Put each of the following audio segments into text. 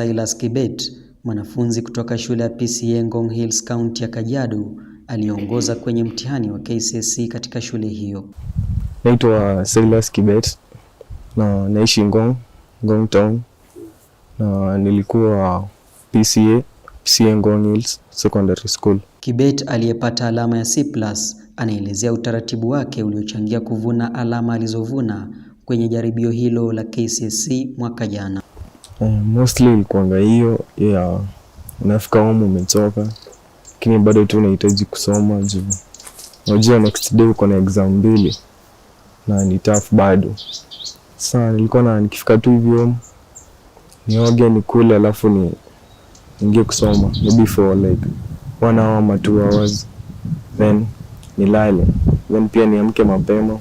Silas Kibet, mwanafunzi kutoka shule ya pca Ngong Hills Kaunti ya Kajiado, aliongoza kwenye mtihani wa KCSE katika shule hiyo. Naitwa Silas Kibet na naishi Ngong, Ngong Town na nilikuwa PCA, PCEA Ngong Hills Secondary School. Kibet aliyepata alama ya C+ anaelezea utaratibu wake uliochangia kuvuna alama alizovuna kwenye jaribio hilo la KCSE mwaka jana. Eh, mostly ilikuanga hiyo ya unafika home umechoka, lakini bado tu unahitaji kusoma juu unajua next day uko na exam mbili na ni tough bado. Sasa nilikuwa na nikifika tu hivi home nioge nikule, alafu ni ingie kusoma maybe for like one hour ama two hours then nilale, then pia niamke mapema.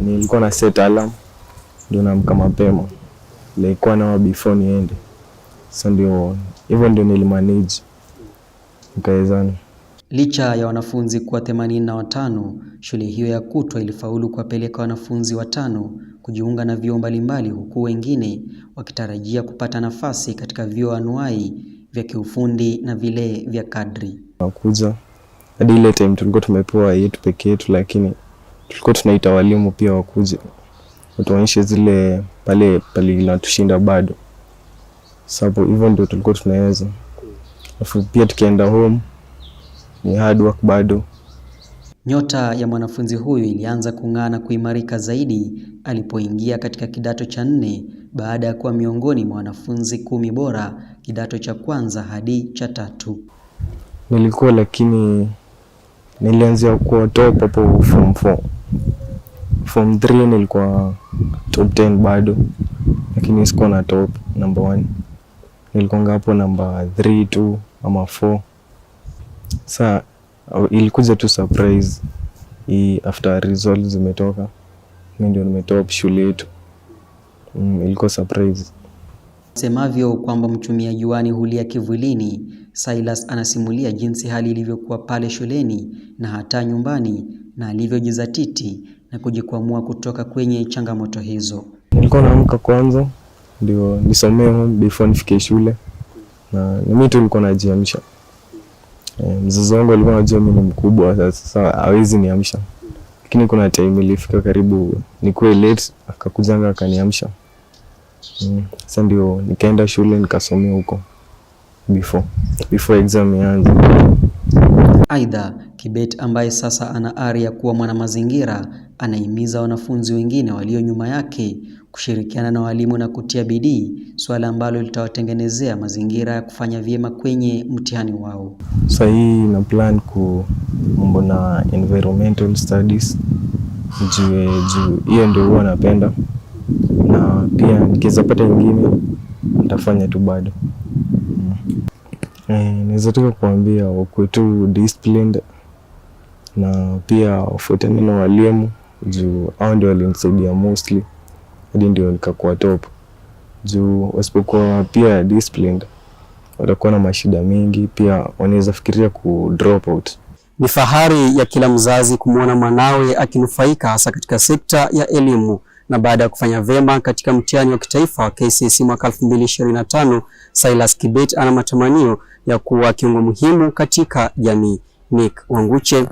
Nilikuwa na set alarm ndio naamka mapema nilikuwa nao before niende, so ndio hivyo ndio nilimanage nikawezana. Licha ya wanafunzi kuwa themanini na watano, shule hiyo ya kutwa ilifaulu kuwapeleka wanafunzi watano kujiunga na vyuo mbalimbali, huku wengine wakitarajia kupata nafasi katika vyuo anuai vya kiufundi na vile vya kadri. Nakuja hadi ile time tulikuwa tumepewa yetu peke yetu, lakini tulikuwa tunaita walimu pia wakuje watuonyeshe zile pale pale linatushinda bado sababu hivyo ndio tulikuwa tunaweza. Alafu pia tukienda home ni hard work bado. Nyota ya mwanafunzi huyu ilianza kung'aa na kuimarika zaidi alipoingia katika kidato cha nne baada ya kuwa miongoni mwa wanafunzi kumi bora kidato cha kwanza hadi cha tatu. Nilikuwa lakini nilianzia kuwa top hapo form form 3 nilikuwa top 10 bado, lakini sikuwa na top number 1. Nilikuwa hapo number 3 tu ama 4. Sa ilikuja tu surprise hii after results zimetoka, mimi ndio nimetop shule yetu. Mm, ilikuwa surprise semavyo kwamba mchumia juani hulia kivulini. Silas anasimulia jinsi hali ilivyokuwa pale shuleni na hata nyumbani na alivyojizatiti na kujikwamua kutoka kwenye changamoto hizo? Nilikuwa naamka kwanza ndio nisomee home before nifike shule, na mimi tu nilikuwa najiamsha. E, mzazi wangu alikuwa anajua mimi ni mkubwa sasa, hawezi niamsha, lakini kuna time ilifika karibu nikuwe late, akakujanga akaniamsha. Mm. Sasa ndio nikaenda shule nikasomea huko before before exam ianze. Aidha, Kibet ambaye sasa ana ari ya kuwa mwanamazingira anahimiza wanafunzi wengine walio nyuma yake kushirikiana na walimu na kutia bidii, suala ambalo litawatengenezea mazingira ya kufanya vyema kwenye mtihani wao. sahii na plan ku mambo na environmental studies juu juu hiyo ndio huwa napenda, na pia nikiweza pata nyingine nitafanya tu bado. Eh, naweza taka kuambia wakuwe disciplined na pia wafuatane na walimu juu hao ndio walinisaidia mostly hadi ndio nikakuwa top, juu wasipokuwa pia disciplined watakuwa na mashida mengi, pia wanaweza fikiria ku drop out. Ni fahari ya kila mzazi kumwona mwanawe akinufaika hasa katika sekta ya elimu. Na baada ya kufanya vyema katika mtihani wa kitaifa wa KCSE mwaka 2025, Silas Kibet ana matamanio ya kuwa kiungo muhimu katika jamii. Nick Wanguche.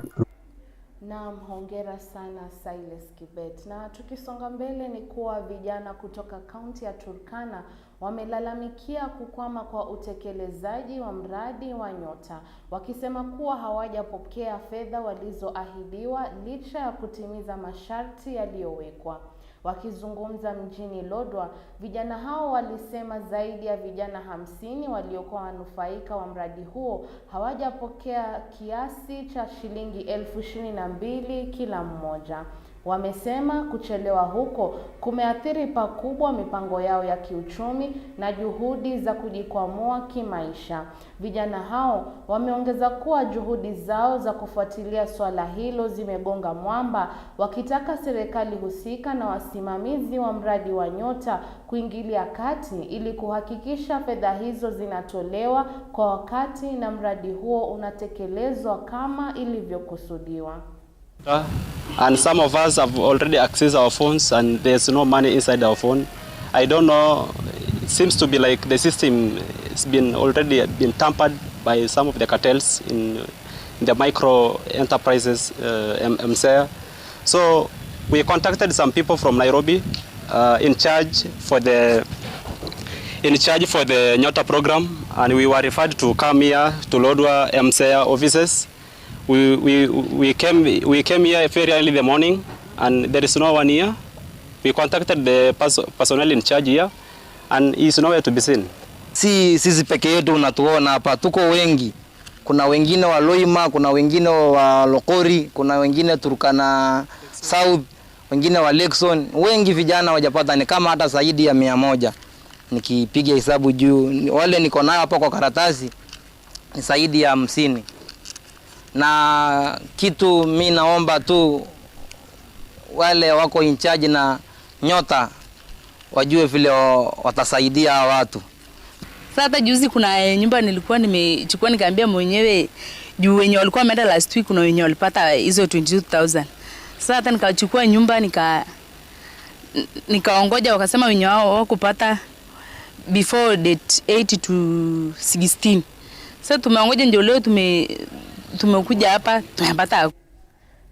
Naam. ongera sana Silas Kibet. Na tukisonga mbele ni kuwa vijana kutoka kaunti ya Turkana wamelalamikia kukwama kwa utekelezaji wa mradi wa Nyota, wakisema kuwa hawajapokea fedha walizoahidiwa licha ya kutimiza masharti yaliyowekwa. Wakizungumza mjini Lodwar, vijana hao walisema zaidi ya vijana hamsini waliokuwa wanufaika wa mradi huo hawajapokea kiasi cha shilingi elfu ishirini na mbili kila mmoja. Wamesema kuchelewa huko kumeathiri pakubwa mipango yao ya kiuchumi na juhudi za kujikwamua kimaisha. Vijana hao wameongeza kuwa juhudi zao za kufuatilia swala hilo zimegonga mwamba, wakitaka serikali husika na wasimamizi wa mradi wa Nyota kuingilia kati ili kuhakikisha fedha hizo zinatolewa kwa wakati na mradi huo unatekelezwa kama ilivyokusudiwa. Ah. and some of us have already accessed our phones and there's no money inside our phone. I don't know, it seems to be like the system has been already been tampered by some of the cartels in, in the micro enterprises uh, MSA. So we contacted some people from Nairobi uh, in charge for the in charge for the Nyota program and we were referred to come here to Lodwa MSA offices we, we, we, came, we came here very early in the morning and there is no one here. We contacted the personnel in charge here and he is nowhere to be seen. Si sisi peke yetu unatuona hapa, tuko wengi. Kuna wengine wa Loima, kuna wengine wa Lokori, kuna wengine Turkana South, wengine wa Lexon. Wengi vijana wajapata ni kama hata zaidi ya mia moja. Nikipiga hesabu juu wale niko nayo hapa kwa karatasi ni zaidi ya hamsini na kitu mi naomba tu wale wako in charge na nyota wajue vile watasaidia watu. Sasa hata juzi kuna nyumba nilikuwa nimechukua nikaambia mwenyewe juu wenye walikuwa wameenda last week na wenye walipata hizo 22000. Sasa hata nikachukua nyumba nika nikaongoja wakasema wenye wao wakupata before date 8 to 16. Sasa tumeongoja ndio leo tume tumekuja hapa tumepata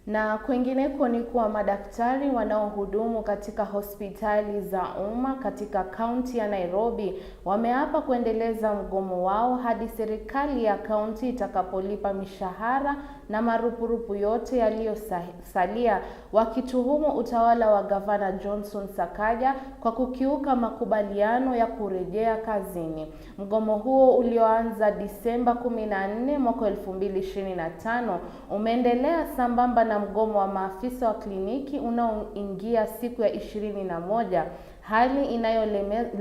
Na kwengineko ni kuwa madaktari wanaohudumu katika hospitali za umma katika kaunti ya Nairobi wameapa kuendeleza mgomo wao hadi serikali ya kaunti itakapolipa mishahara na marupurupu yote yaliyosalia, wakituhumu utawala wa gavana Johnson Sakaja kwa kukiuka makubaliano ya kurejea kazini. Mgomo huo ulioanza Disemba 14 mwaka 2025 umeendelea sambamba na na mgomo wa maafisa wa kliniki unaoingia siku ya ishirini na moja, hali inayolemaza